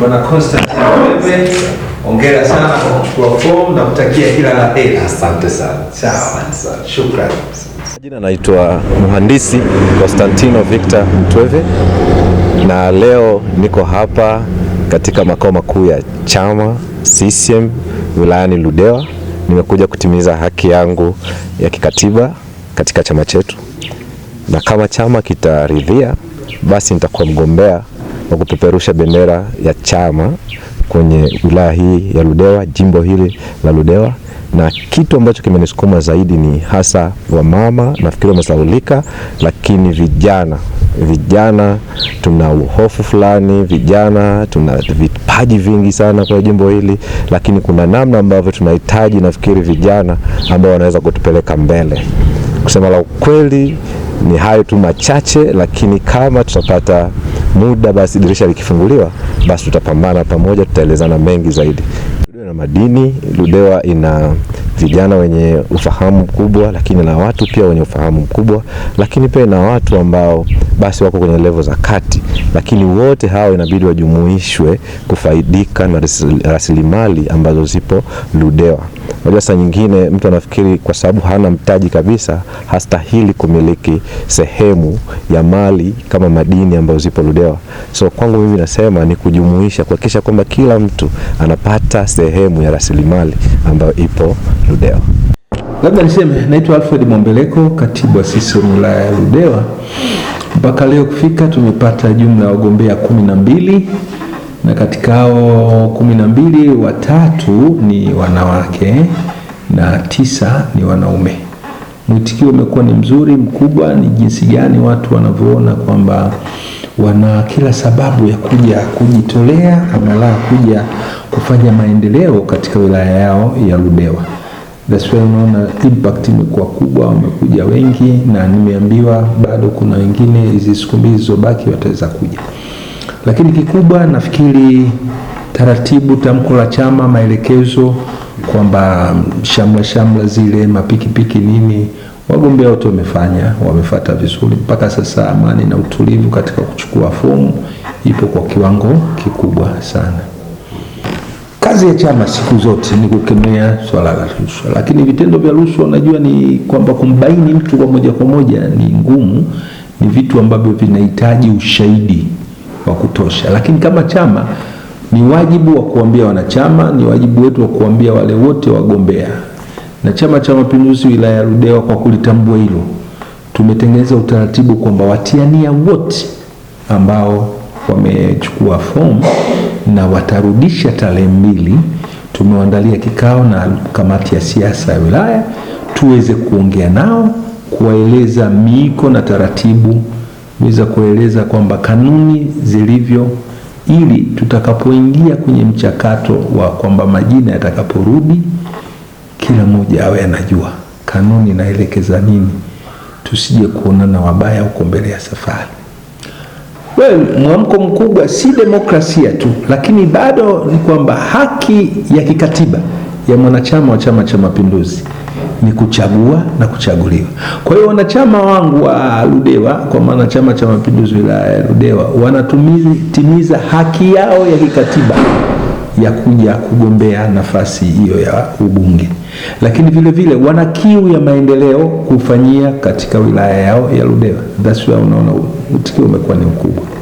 Bwana Constantine sana kwa kuchukua fomu na kutakia kila la heri. Asante sana. Shukrani. Jina naitwa Mhandisi Constantino Victor Mtweve na leo niko hapa katika makao makuu ya chama CCM wilayani Ludewa. Nimekuja kutimiza haki yangu ya kikatiba katika chama chetu, na kama chama kitaridhia, basi nitakuwa mgombea wa kupeperusha bendera ya chama kwenye wilaya hii ya Ludewa, jimbo hili la Ludewa, na kitu ambacho kimenisukuma zaidi ni hasa wamama, nafikiri wamesahulika, lakini vijana vijana tuna uhofu fulani, vijana tuna vipaji vingi sana kwa jimbo hili, lakini kuna namna ambavyo tunahitaji, nafikiri vijana ambao wanaweza kutupeleka mbele. Kusema la ukweli, ni hayo tu machache, lakini kama tutapata muda basi dirisha likifunguliwa, basi tutapambana pamoja, tutaelezana mengi zaidi. Ludewa na madini. Ludewa ina vijana wenye ufahamu mkubwa, lakini na watu pia wenye ufahamu mkubwa, lakini pia na watu ambao basi wako kwenye levo za kati, lakini wote hao inabidi wajumuishwe kufaidika na rasilimali ambazo zipo Ludewa. Unajua, saa nyingine mtu anafikiri kwa sababu hana mtaji kabisa hastahili kumiliki sehemu ya mali kama madini ambayo zipo Ludewa. So kwangu mimi nasema ni kujumuisha, kuhakikisha kwamba kila mtu anapata sehemu ya rasilimali ambayo ipo Ludewa. Labda niseme naitwa Alfred Mombeleko, katibu wa CCM wilaya ya Ludewa. Mpaka leo kufika, tumepata jumla ya wagombea kumi na mbili na katika hao kumi na mbili watatu ni wanawake na tisa ni wanaume. Mwitikio umekuwa ni mzuri mkubwa. Ni jinsi gani watu wanavyoona kwamba wana kila sababu ya kuja kujitolea ama la kuja kufanya maendeleo katika wilaya yao ya Ludewa. That's why unaona impact imekuwa kubwa, wamekuja wengi, na nimeambiwa bado kuna wengine hizi siku mbili zilizobaki wataweza kuja. Lakini kikubwa nafikiri taratibu, tamko la chama, maelekezo kwamba shamla shamla zile mapikipiki nini, wagombea wote wamefanya, wamefata vizuri. Mpaka sasa amani na utulivu katika kuchukua fomu ipo kwa kiwango kikubwa sana kazi ya chama siku zote ni kukemea swala la rushwa, lakini vitendo vya rushwa unajua ni kwamba kumbaini mtu kwa moja kwa moja ni ngumu, ni vitu ambavyo vinahitaji ushahidi wa kutosha, lakini kama chama ni wajibu wa kuambia wanachama, ni wajibu wetu wa kuambia wale wote wagombea. Na Chama cha Mapinduzi wilaya ya Ludewa kwa kulitambua hilo, tumetengeneza utaratibu kwamba watiania wote ambao wamechukua fomu na watarudisha tarehe mbili. Tumewaandalia kikao na kamati ya siasa ya wilaya tuweze kuongea nao, kuwaeleza miiko na taratibu, weza kueleza kwamba kanuni zilivyo, ili tutakapoingia kwenye mchakato wa kwamba majina yatakaporudi, kila mmoja awe anajua kanuni naelekeza nini, tusije kuonana wabaya huko mbele ya safari kweli mwamko mkubwa si demokrasia tu, lakini bado ni kwamba haki ya kikatiba ya mwanachama wa Chama cha Mapinduzi ni kuchagua na kuchaguliwa. Kwa hiyo wanachama wangu wa Ludewa, kwa maana Chama cha Mapinduzi wilaya ya Ludewa, wanatimiza haki yao ya kikatiba ya kuja kugombea nafasi hiyo ya ubunge lakini vile vile wana kiu ya maendeleo kufanyia katika wilaya yao ya Ludewa. That's why unaona utikio umekuwa ni mkubwa.